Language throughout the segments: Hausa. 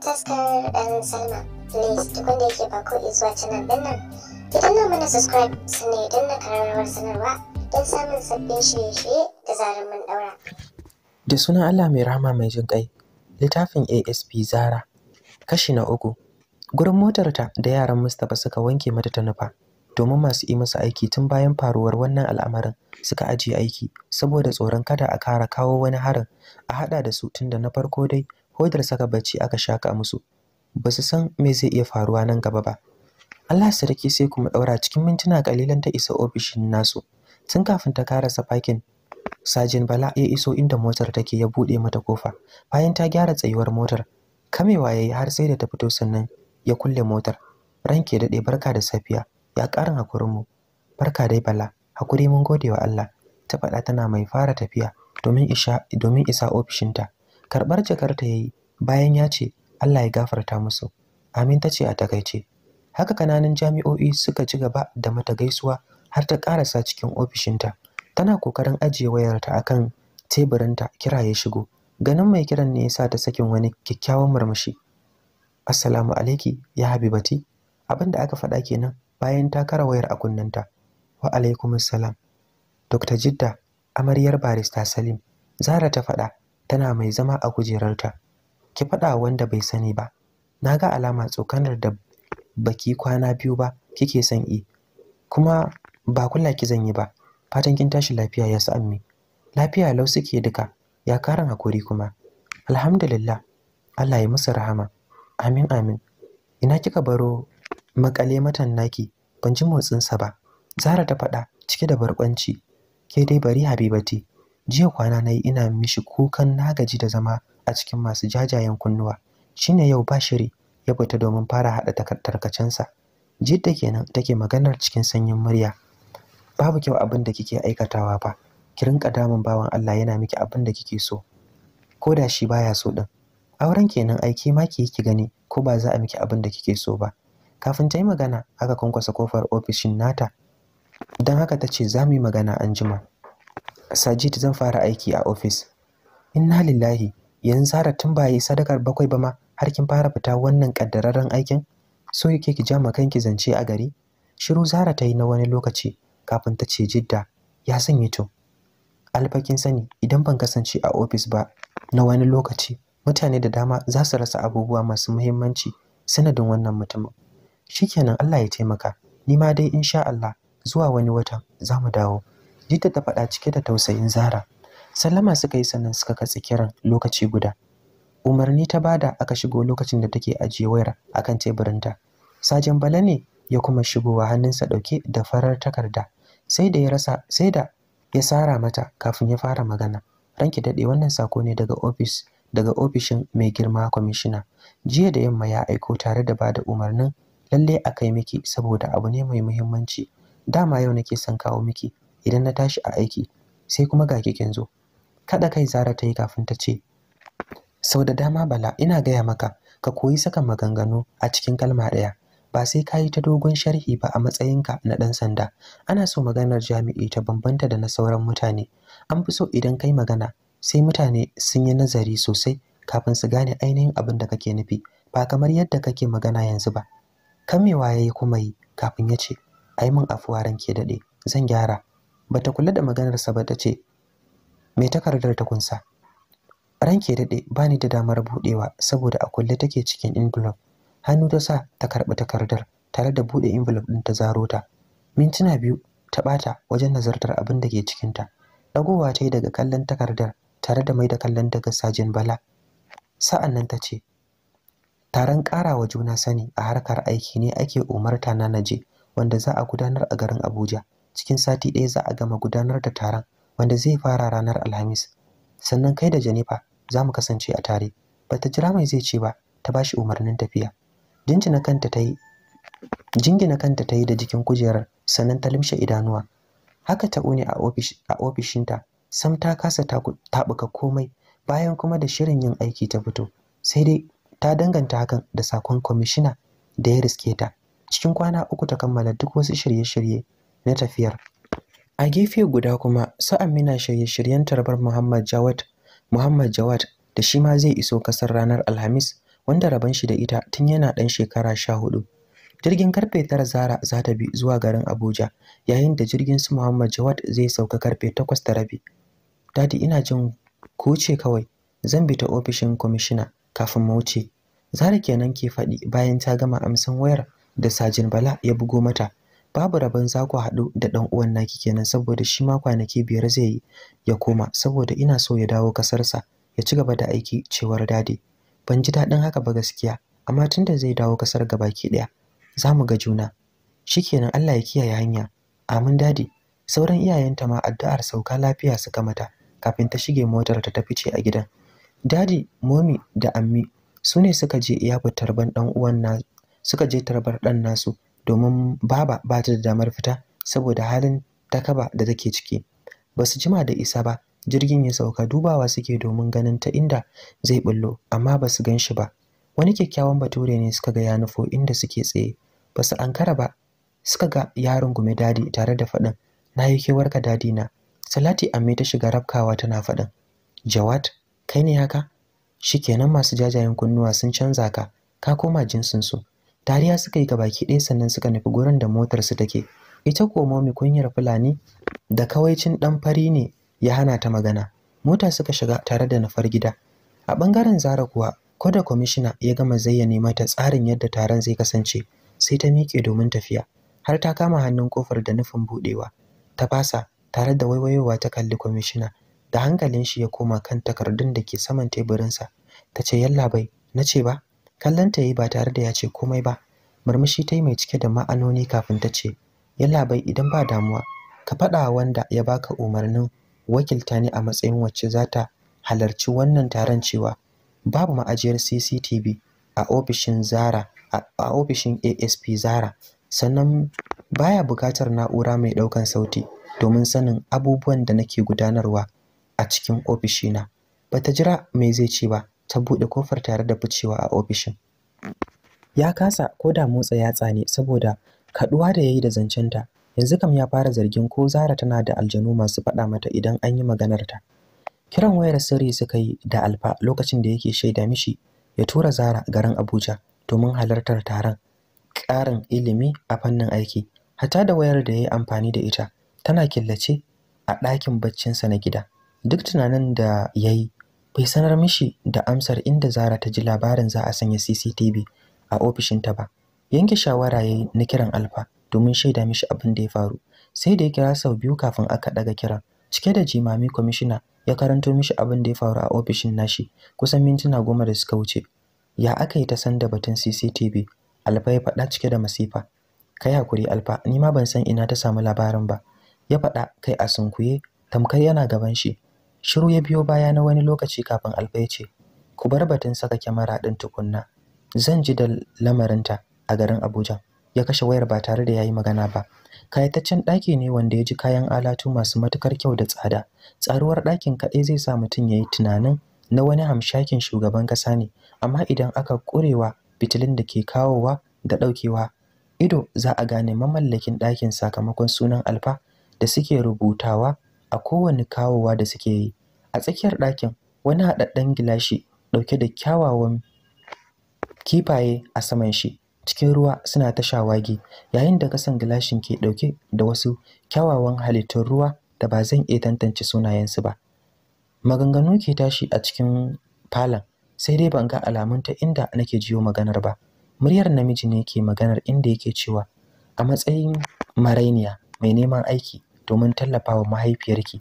taskar ɗan salma please duk wanda yake ba ko zuwa canal nan ki danna mana subscribe sannan idan na kararrawar sanarwa don samun sabbin shirye-shirye da zarar mun ɗaura. da sunan allah mai rahama mai jin ƙai littafin asp zara kashi na uku gurin motarta da yaran mustapha suka wanke mata ta nufa domin masu yi masa aiki tun bayan faruwar wannan al'amarin suka ajiye aiki saboda tsoron kada a kara kawo wani harin a hada da su tun da na farko dai hodar saka bacci aka shaka musu ba su san me zai iya faruwa nan gaba ba Allah sarki sai kuma daura cikin mintuna kalilan ta isa ofishin nasu tun kafin ta karasa fakin Sajin Bala ya iso inda motar take ya bude mata kofa bayan ta gyara tsayuwar motar kamewa yayi har sai da ta fito sannan ya kulle motar ranke dade barka da safiya ya karin hakurin mu barka dai Bala hakuri mun gode wa Allah ta faɗa tana mai fara tafiya domin isa domin isa ofishinta karɓar jakarta ya yi bayan ya ce Allah ya gafarta musu amin ta ce a takaice haka kananan jami'o'i suka ci gaba da mata gaisuwa har ta ƙarasa cikin ofishinta tana kokarin ajiye wayarta a kan teburinta kira ya shigo ganin mai kiran ne yasa ta sakin wani kyakkyawan murmushi assalamu alaiki ya habibati abin da aka faɗa kenan bayan ta kara wayar a kunnenta. wa alaikumussalam. dr jidda amaryar barista salim zara ta faɗa tana mai zama a kujerarta ki faɗa wanda bai sani ba na ga alama tsokanar da baki kwana biyu ba kike son yi kuma ba kula ki zanyi ba fatan kin tashi lafiya ya ammi lafiya lau suke duka ya karan hakuri kuma alhamdulillah Allah ya musu rahama amin amin ina kika baro makale matan naki ban ji motsin sa ba Zara ta faɗa cike da barkwanci ke dai bari Habibati jiya kwana na yi ina mishi kukan na gaji da zama a cikin masu jajayen kunnuwa shine yau ba shiri ya fita domin fara haɗa tarkacensa jidda kenan take maganar cikin sanyin murya babu kyau abin da kike aikatawa ba. ki rinka damun bawan Allah yana miki abin da kike so ko da shi baya so din auren kenan aiki ma ki ki gani ko ba za a miki abin da kike so ba kafin ta yi magana aka kwankwasa kofar ofishin nata don haka ta ce za mu yi magana anjima Sajid zan fara aiki a ofis. Inna lillahi, yanzu Zara tun ba yi sadakar bakwai ba ma har kin fara fita wannan kaddararren aikin? So yake ki ja kanki zance a gari? Shiru Zara ta yi na wani lokaci kafin ta ce Jidda ya sanya to. Alfakin sani idan ban kasance a ofis ba na wani lokaci mutane da dama za su rasa abubuwa masu muhimmanci sanadin wannan mutumin. Shikenan Allah ya taimaka, ni ma dai insha Allah zuwa wani watan za mu dawo. Dita ta faɗa cike da tausayin Zara. Sallama suka yi sannan suka katse kiran lokaci guda. Umarni ta bada aka shigo lokacin da take ajiye wayar akan teburinta. Sajan Bala ne ya kuma shigowa hannunsa ɗauke da farar takarda. Sai da ya rasa sai da ya sara mata kafin ya fara magana. Ranki daɗe wannan sako ne daga ofis daga ofishin mai girma kwamishina. Jiya da yamma ya aiko tare da bada umarnin lalle a kai miki saboda abu ne mai muhimmanci. Dama yau nake son kawo miki idan na tashi a aiki sai kuma ga kikin zo kada kai zara ta yi kafin ta ce sau da dama bala ina gaya maka ka koyi saka maganganu a cikin kalma ɗaya ba sai ka yi ta dogon sharhi ba a matsayinka na ɗan sanda ana so maganar jami'i ta bambanta da na sauran mutane an fi so idan kai magana sai mutane sun yi nazari sosai kafin su gane ainihin abin da kake nufi ba kamar yadda kake magana yanzu ba kamewa ya yi kuma yi kafin ya ce ai min afuwa ranke daɗe zan gyara bata kula da maganarsa ba tace me takardar ta kunsa ranke dade ni da damar budewa saboda a kulle take cikin envelope hannu ta sa ta karbi takardar tare da bude envelope din ta zaro ta mintuna biyu ta bata wajen nazartar abin da ke cikin ta dagowa ta yi daga kallon takardar tare da mai da kallon daga sajin bala sa'an nan ta ce taron karawa juna sani a harkar aiki ne ake umarta na naje wanda za a gudanar a garin abuja cikin sati ɗaya za a gama gudanar da taron wanda zai fara ranar alhamis sannan kai da janifa za mu kasance a tare ba ta jira mai zai ce ba ta ba shi umarnin tafiya jinjina kanta ta yi jingina kanta ta yi da jikin kujerar sannan ta limshe idanuwa haka ta une a ofishinta sam ta kasa taɓuka komai bayan kuma da shirin yin aiki ta fito sai dai ta danganta hakan da sakon kwamishina da ya riske ta cikin kwana uku ta kammala duk wasu shirye-shirye na tafiyar a gefe guda kuma su amina shirye-shiryen tarbar muhammad jawad muhammad jawad da shi ma zai iso kasar ranar alhamis wanda rabon shi da ita tun yana ɗan shekara sha hudu jirgin karfe tara zara za ta bi zuwa garin abuja yayin da jirgin su muhammad jawad zai sauka karfe takwas da rabi dadi ina jin ku kawai zan bi ta ofishin kwamishina kafin mu wuce zara kenan ke faɗi bayan ta gama amsan wayar da sajin bala ya bugo mata babu rabon za ku haɗu da ɗan uwan naki kenan saboda shi ma kwanaki biyar zai yi ya koma saboda ina so ya dawo kasarsa ya ci gaba da aiki cewar dadi ban ji daɗin haka ba gaskiya amma tun da zai dawo kasar gabaki ɗaya za mu ga juna shikenan Allah ya kiyaye hanya amin dadi sauran iyayenta ma addu'ar sauka lafiya suka mata kafin ta shige motar ta tafi ce a gidan dadi momi da ammi su ne suka je iya ban uwan na suka je tarbar ɗan nasu domin baba ba ta da damar fita saboda halin takaba da take ciki ba su jima da isa ba jirgin ya sauka dubawa suke domin ganin ta inda zai bullo amma ba su gan shi ba wani kyakkyawan bature ne suka ga ya nufo inda suke tsaye ba su ankara ba suka ga yaron gume dadi tare da faɗin na yi ka dadi na salati amme ta shiga rabkawa tana faɗin jawad kai ne haka Shi kenan masu jajayen kunnuwa sun canza ka ka koma jinsinsu dariya suka yi gabaki ɗaya sannan suka nufi gurin da motar su take ita ko momi kunyar fulani da kawaicin ɗan fari ne ya hana ta magana mota suka shiga tare da nufar gida a ɓangaren zara kuwa ko da kwamishina ya gama zayyane mata tsarin yadda taron zai kasance sai ta miƙe domin tafiya har ta kama hannun kofar da nufin buɗewa ta fasa tare da waiwayowa ta kalli kwamishina da hankalin shi ya koma kan takardun da ke saman teburinsa ta ce yallaɓai na ce ba kallon ta yi ba tare da ya ce komai ba murmushi ta yi mai cike da ma'anoni kafin ta ce yalla bai idan ba damuwa ka faɗa wanda ya baka umarnin wakilta ne a matsayin wacce za ta halarci wannan taron cewa babu ma'ajiyar CCTV a ofishin Zara a ofishin ASP Zara sannan baya buƙatar na'ura mai ɗaukan sauti domin sanin abubuwan da nake gudanarwa a cikin ofishina Ba ta jira mai zai ce ba ta buɗe kofar tare da ficewa a ofishin ya kasa ko da motsa yatsa ne saboda kaduwa da yayi da zancenta yanzu kam ya fara zargin ko Zara tana da aljanu masu faɗa mata idan an yi maganar ta kiran wayar sirri suka yi da Alfa lokacin da yake shaida mishi ya tura Zara garin Abuja domin halartar taron ƙarin ilimi a fannin aiki hata da wayar da ya yi amfani da ita tana killace a ɗakin baccinsa na gida duk tunanin da ya yi bai sanar mishi da amsar inda Zara ta ji labarin za a sanya CCTV a ofishinta ba. Yanke shawara yayi na kiran Alfa domin shaida mishi abin da ya faru. Sai da ya kira sau biyu kafin aka daga kiran. Cike da jimami kwamishina ya karanto mishi abin da ya faru a ofishin nashi kusan mintuna goma da suka wuce. Ya aka yi ta san da batun CCTV? Alfa ya faɗa cike da masifa. Kai hakuri Alfa, ni ma ban san ina ta samu labarin ba. Ya faɗa kai a sunkuye, tamkar yana gaban shi. Shiru ya biyo baya na wani lokaci kafin Alfa ya ce, Ku bar batun saka kyamara ɗin tukunna. Zan ji da lamarinta a garin Abuja. Ya kashe wayar ba tare da ya yi magana ba. Kayataccen ɗaki ne wanda ya ji kayan alatu masu matukar kyau da tsada. Tsaruwar ɗakin kaɗai zai sa mutum ya yi tunanin na wani hamshakin shugaban ƙasa ne, amma idan aka ƙurewa fitilin da ke kawowa da ɗaukewa, ido za a gane mamallakin ɗakin sakamakon sunan alfa da suke rubutawa a kowane kawowa da suke yi. a tsakiyar ɗakin wani haɗaɗɗen gilashi ɗauke da kyawawan kifaye a saman shi cikin ruwa suna ta shawagi yayin da kasan gilashin ke ɗauke da wasu kyawawan halittun ruwa da ba zan iya tantance sunayensu ba maganganu ke tashi a cikin falon sai dai ban ga alamun ta inda nake jiyo maganar ba muryar namiji ne ke maganar inda yake cewa a matsayin marainiya mai neman aiki domin tallafawa mahaifiyarki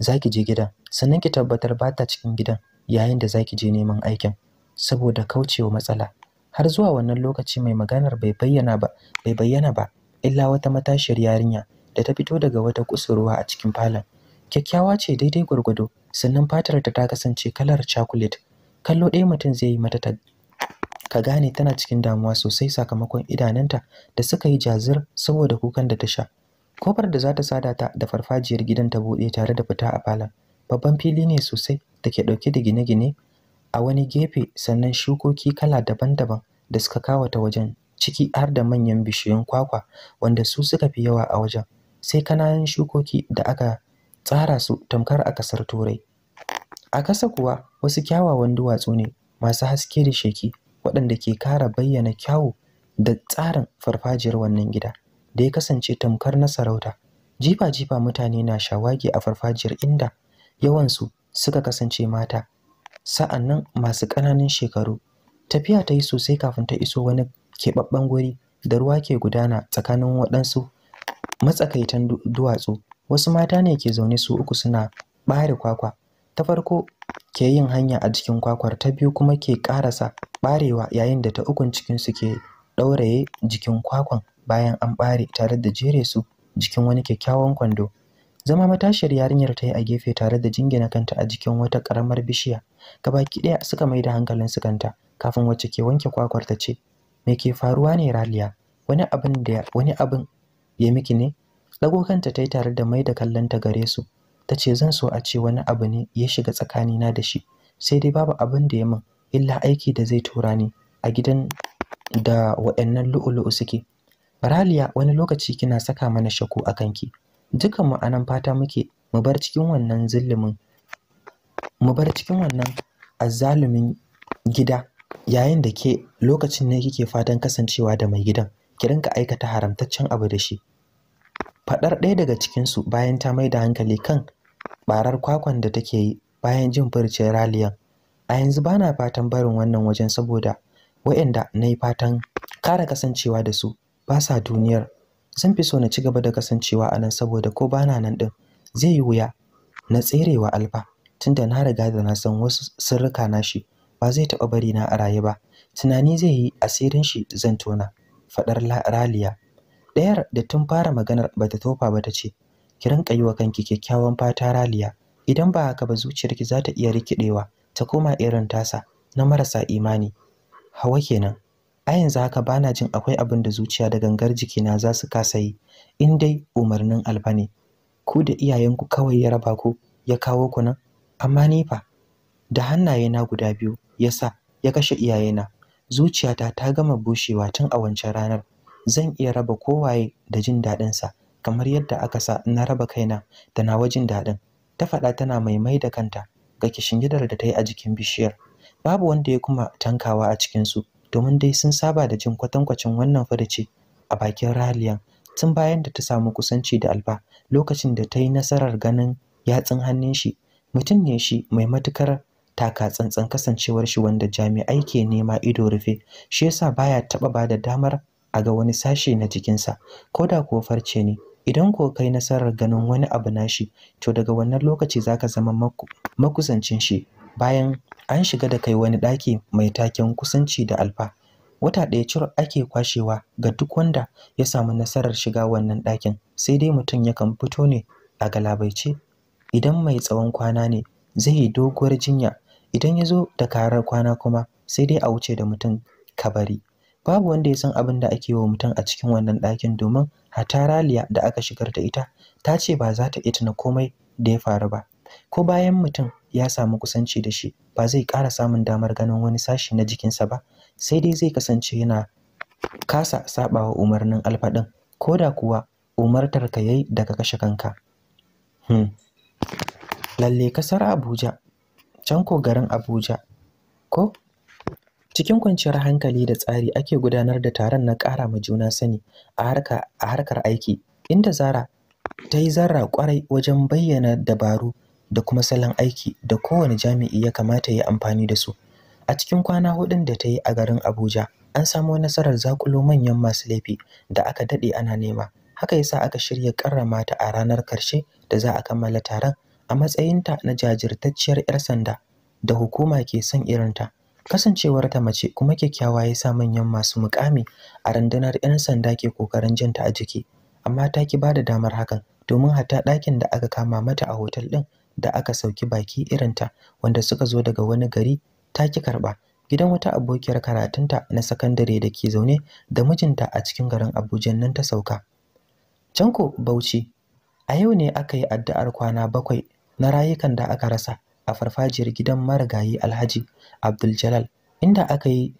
za ki je gidan sannan ki tabbatar ba ta cikin gidan yayin da zaki je neman aikin saboda kaucewa matsala har zuwa wannan lokaci mai maganar bai bayyana ba bai bayyana ba illa wata matashiyar yarinya da ta fito daga wata kusurwa a cikin falon kyakkyawa ce daidai gwargwado sannan fatar ta ta kasance kalar chocolate kallo ɗaya mutum zai yi mata ka gane tana cikin damuwa sosai sakamakon idanunta da suka yi jazir saboda kukan da ta sha kofar da za ta sada ta da farfajiyar gidan ta buɗe tare da fita a falon babban fili ne sosai da ke ɗauke da gine-gine a wani gefe sannan shukoki kala daban-daban da suka kawata wajen ciki har da manyan bishiyun kwakwa wanda su suka fi yawa a wajen sai kananan shukoki da aka tsara su tamkar a kasar turai a kasa kuwa wasu kyawawan duwatsu ne masu haske da sheki waɗanda ke kara bayyana kyawu da tsarin farfajiyar wannan gida da ya kasance tamkar na sarauta jifa-jifa mutane na shawagi a farfajiyar inda yawansu suka kasance mata sa'annan masu ƙananan shekaru tafiya ta yi sosai kafin ta iso wani keɓaɓɓen guri da ruwa ke gudana tsakanin waɗansu matsakaitan duwatsu wasu mata ne ke zaune su uku suna ɓare kwakwa ta farko ke yin hanya a jikin kwakwar ta biyu kuma ke ƙarasa ɓarewa yayin da ta ukun cikin su ke ɗauraye jikin kwakwan bayan an ɓare tare da jere su jikin wani kyakkyawan kwando zama matashiyar yarinyar ta yi a gefe tare da jingina kanta a jikin wata karamar bishiya gabaki ɗaya suka mai da hankalin su kanta kafin wacce ke wanke kwakwar ta ce me ke faruwa ne raliya wani abin da wani abin ya miki ne dago kanta ta yi tare da mai da kallon ta gare su ta ce zan so a ce wani abu ne ya shiga tsakanina da shi sai dai babu abin da ya min illa aiki da zai tura ni a gidan da waɗannan lu'u-lu'u suke raliya wani lokaci kina saka mana shaku a kanki dukan mu anan fata muke mu bar cikin wannan mu bar cikin wannan azzalumin gida yayin da ke lokacin ne kike fatan kasancewa da mai gidan ki rinka aikata haramtaccen abu da shi fadar ɗaya daga cikin su bayan ta mai da hankali kan barar kwakwan da take yi bayan jin furcin raliyan a yanzu ba na fatan barin wannan wajen saboda waɗanda na yi fatan kara kasancewa da su ba sa duniyar zan fi so na ci gaba da kasancewa a nan saboda ko ba na nan din zai yi wuya na tserewa alfa tunda na riga da na san wasu sirrika na shi ba zai taɓa bari na a raye ba tunani zai yi asirin shi zan tona faɗar raliya ɗayar da tun fara maganar bata tofa ba ta ce ki rinka yi wa kanki kyakkyawan fata raliya idan ba haka ba zuciyarki za ta iya rikidewa ta koma irin tasa na marasa imani hawa kenan a yanzu haka bana jin akwai abin da zuciya da gangar jikina za su kasa yi in dai umarnin alba ne ku da iyayenku kawai ya raba ku ya kawo ku nan amma ni fa da hannayena guda biyu ya sa ya kashe iyayena zuciyata ta gama bushewa tun a wancan ranar zan iya raba kowaye da jin daɗinsa kamar yadda aka sa na raba kaina da nawa jin daɗin ta faɗa tana maimai da kanta ga kishin kishingidar da ta yi a jikin bishiyar babu wanda ya kuma tankawa a cikinsu domin dai sun saba da jin kwatankwacin wannan furici a bakin Raliyan tun bayan da ta samu kusanci da alba lokacin da ta yi nasarar ganin yatsun hannun shi mutum ne shi mai matukar taka tsantsan kasancewar shi wanda jami'ai ke nema ido rufe shi yasa baya taba da damar a ga wani sashe na jikinsa ko da kuwa farce ne idan ko kai nasarar ganin wani abu nashi to daga wannan lokaci zaka zama makusancin shi bayan an shiga da kai wani ɗaki mai taken kusanci da alfa wata ɗaya cur ake kwashewa ga duk wanda ya samu nasarar shiga wannan ɗakin sai dai mutum yakan fito ne a galabaice idan mai tsawon kwana ne zai yi doguwar jinya idan ya zo da karar kwana kuma sai dai a wuce da mutum kabari babu wanda ya san abin da ake wa mutum a cikin wannan ɗakin domin hataraliya da aka shigar da ita ta ce ba za ta itina komai da ya faru ba ko bayan mutum ya samu kusanci da shi ba zai ƙara samun damar ganin wani sashi na jikinsa ba sai dai zai kasance yana kasa sabawa umarnin alfaɗin ko da kuwa umartar ka yayi daga kashe kanka hmm. lalle kasar abuja can ko garin abuja ko cikin kwanciyar hankali da tsari ake gudanar da taron na ƙara ma juna sani a harkar aiki inda zara ta yi zarra kwarai wajen bayyana dabaru da kuma salon aiki da kowane jami'i ya kamata ya amfani da su. A cikin kwana hudun da ta yi a garin Abuja, an samo nasarar zakulo manyan masu laifi da aka daɗe ana nema. Haka yasa aka shirya karrama ta a ranar karshe da za a kammala taron a matsayinta na jajirtacciyar 'yar sanda da hukuma ke son irinta. ta mace kuma kyakkyawa ya sa manyan masu mukami a rundunar 'yan sanda ke kokarin jinta a jiki, amma ta ki ba da damar hakan domin hata ɗakin da aka kama mata a hotel ɗin da aka sauki baki irinta wanda suka zo daga wani gari ta ki karɓa gidan wata abokiyar karatunta na sakandare da ke zaune da mijinta a cikin garin Abuja nan ta sauka. Canko Bauchi a yau ne aka yi addu'ar kwana bakwai na rayukan da aka rasa a farfajiyar gidan marigayi Alhaji Abdul Jalal inda aka yi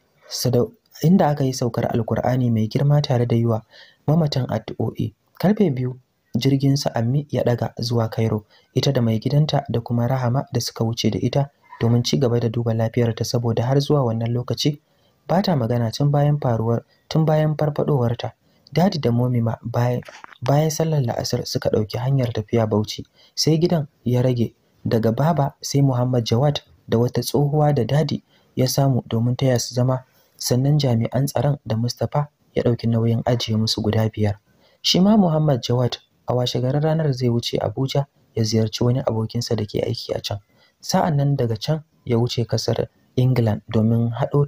inda aka yi saukar alkur'ani mai girma tare da yiwa mamatan addu'o'i karfe biyu jirgin sa ammi ya daga zuwa Cairo ita da mai gidanta da kuma Rahama da suka wuce da ita domin ci gaba da duba lafiyarta saboda har zuwa wannan lokaci ba ta magana tun bayan faruwar tun bayan farfadowarta dadi da momi ma bayan bayan sallar la'asar suka dauki hanyar tafiya Bauchi sai gidan ya rage daga baba sai Muhammad Jawad da wata tsohuwa da dadi ya samu domin taya su zama sannan jami'an tsaron da Mustapha ya dauki nauyin ajiye musu guda biyar shi ma Muhammad Jawad a washe garin ranar zai wuce Abuja ya ziyarci wani abokinsa da ke aiki a can sa'an nan daga can ya wuce kasar England domin haɗo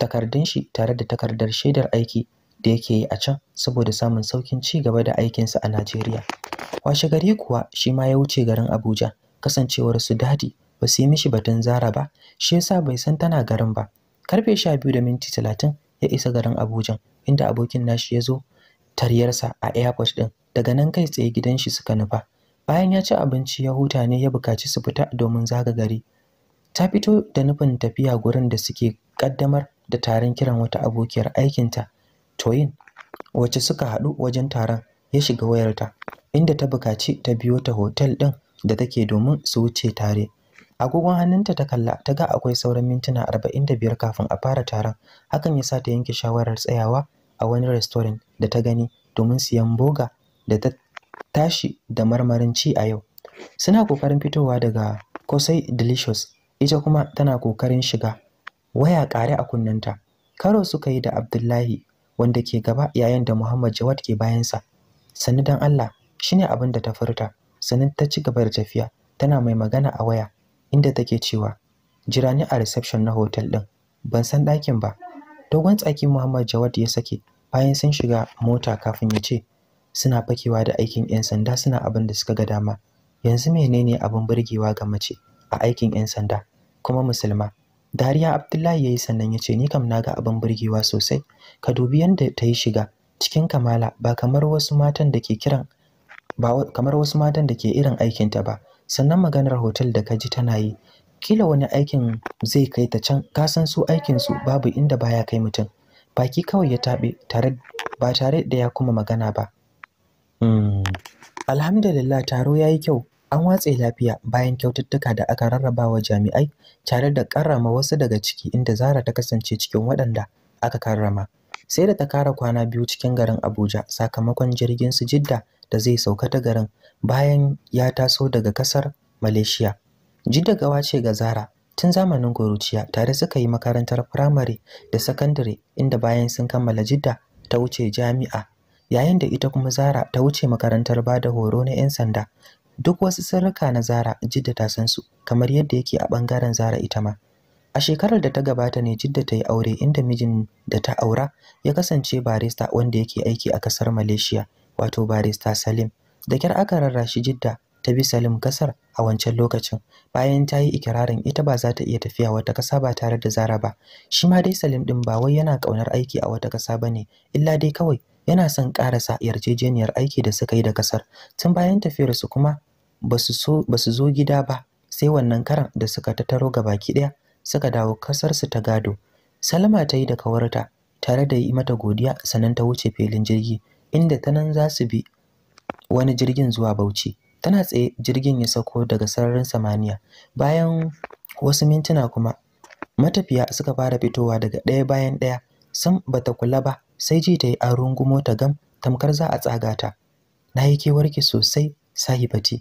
takardun shi tare da takardar shaidar aiki da yake yi a can saboda samun saukin ci gaba da aikinsa a Najeriya. Washe gari kuwa shi ma ya wuce garin Abuja kasancewar su dadi ba su yi mishi batun Zara ba shi yasa bai san tana garin ba. Karfe sha biyu da minti talatin ya isa garin Abuja inda abokin nashi ya zo taryarsa a airport din. daga nan kai tsaye gidan shi suka nufa bayan ya ci abinci ya huta ne ya bukaci su fita domin zaga gari ta fito da nufin tafiya gurin da suke kaddamar da taron kiran wata abokiyar aikinta toyin wacce suka haɗu wajen taron ya shiga wayarta inda ta bukaci ta biyo ta hotel ɗin da take domin su wuce tare agogon hannunta ta kalla ta ga akwai sauran mintuna 45 kafin a fara taron hakan ya sa ta yanke shawarar tsayawa a wani restaurant da ta gani domin siyan boga da ta tashi da marmarin ci a yau suna kokarin fitowa daga kosai delicious ita kuma tana kokarin shiga waya ƙare a kunnenta karo suka yi da abdullahi wanda ke gaba yayin da muhammad jawad ke bayansa sani don allah shine abin da ta furta sani ta ci gaba da tafiya tana mai magana a waya inda take cewa jira ni a reception na hotel ɗin, ban san ɗakin ba dogon tsakin muhammad jawad ya sake bayan sun shiga mota kafin ya ce suna fakewa da aikin 'yan sanda suna abin da suka ga dama yanzu menene abin burgewa ga mace a aikin 'yan sanda kuma musulma dariya abdullahi ya yi sannan ya ce ni kam na ga abin burgewa sosai ka dubi yadda ta yi shiga cikin kamala ba kamar wasu matan da ke kiran ba kamar wasu matan da ke irin aikinta ba sannan maganar hotel da ka ji tana yi kila wani aikin zai kai ta can ka san su aikin su babu inda baya kai mutum baki kawai ya taɓe tare ba tare da ya kuma magana ba Mm. Alhamdulillah taro ya yi kyau, an watse lafiya bayan kyaututtuka da aka rarraba wa jami'ai tare da karrama wasu daga ciki inda Zara ta kasance cikin waɗanda aka karrama. Sai da ta kara kwana biyu cikin garin Abuja sakamakon jirgin su Jidda da zai sauka ta garin bayan ya taso daga kasar Malaysia. Jidda gawa ce ga Zara tun zamanin ƙuruciya tare suka yi makarantar firamare da sakandare inda bayan sun kammala Jidda ta wuce jami'a yayin da ita kuma Zara ta wuce makarantar bada horo na 'yan sanda. Duk wasu sirrika na Zara Jidda ta san su kamar yadda yake a bangaren Zara ita ma. A shekarar da ta gabata ne Jidda ta yi aure inda mijin da ta aura ya kasance barista wanda yake aiki a ƙasar Malaysia wato barista Salim. Da kyar aka rarrashi Jidda ta bi Salim kasar a wancan lokacin bayan ta yi ikirarin ita ba za ta iya tafiya wata ƙasa ba tare da Zara ba. Shi ma dai Salim ɗin ba wai yana ƙaunar aiki a wata ƙasa ba ne, illa dai kawai yana son karasa yarjejeniyar aiki da suka yi da kasar tun bayan tafiyar su kuma ba su zo gida ba sai wannan karan da suka tattaro baki ɗaya suka dawo kasar su ta gado salama ta yi da kawarta tare da yi mata godiya sannan ta wuce filin jirgi inda ta nan za su bi wani jirgin zuwa bauchi tana tsaye jirgin ya sako daga sararin samaniya bayan wasu mintuna kuma matafiya suka fara fitowa daga ɗaya bayan ɗaya sam bata kula ba sai ji ta yi an rungumo ta gam tamkar za a tsaga ta na yi kewarki sosai sahibati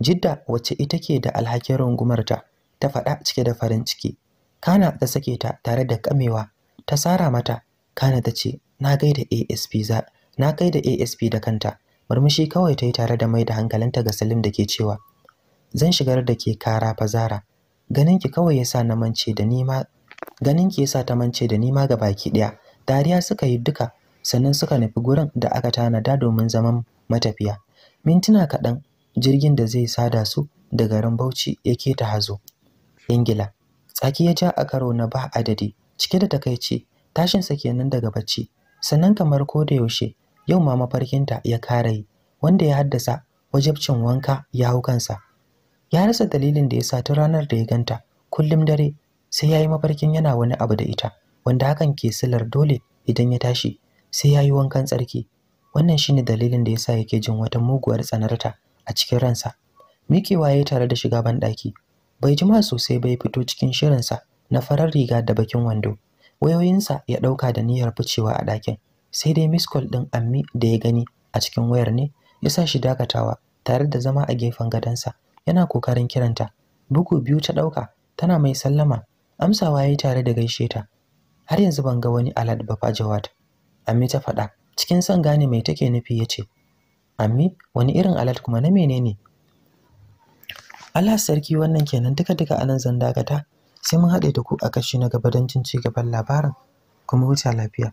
jidda wacce ita ke da alhakin rungumar ta ta faɗa cike da farin ciki kana ta sake ta tare da kamewa ta sara mata kana ta ce na gaida asp za na da asp da kanta murmushi kawai ta yi tare da mai da hankalinta ga salim da ke cewa zan shigar da ke kara fazara ganinki kawai yasa na mance da ni ma ganin ki yasa ta mance da nima ga baki ɗaya dariya suka yi duka sannan suka nufi gurin da aka tanada domin zaman matafiya mintuna kaɗan jirgin da zai sada su da garin Bauchi yake ta hazo ingila tsaki ya ja a karo na ba adadi cike da takaici tashinsa kenan daga bacci sannan kamar ko da yaushe yau ma mafarkinta ya kare wanda ya haddasa wajabcin wanka ya hau kansa ya rasa dalilin da ya sa ranar da ya ganta kullum dare sai yayi mafarkin yana wani abu da ita wanda hakan ke silar dole idan ya tashi sai yayi wankan tsarki wannan shine dalilin da yasa yake jin wata muguwar tsanarta a cikin ransa mikewa waye tare da shiga banɗaki bai jima sosai bai fito cikin shirin sa na farar riga da bakin wando wayoyinsa ya ɗauka da niyyar ficewa a ɗakin sai dai miss call ɗin ammi da ya gani a cikin wayar ne ya sa shi dakatawa tare da zama a gefen gadonsa yana kokarin kiranta bugu biyu ta ɗauka tana mai sallama amsawa ya yi tare da gaishe ta har yanzu ban ga wani alad ba fa jawad ammi ta faɗa cikin son gane mai take nufi ya ce ammi wani irin alad kuma na menene Allah sarki wannan kenan duka duka anan zan dakata sai mun haɗe da ku a kashi na gaba don cin ci gaban labarin kuma huta lafiya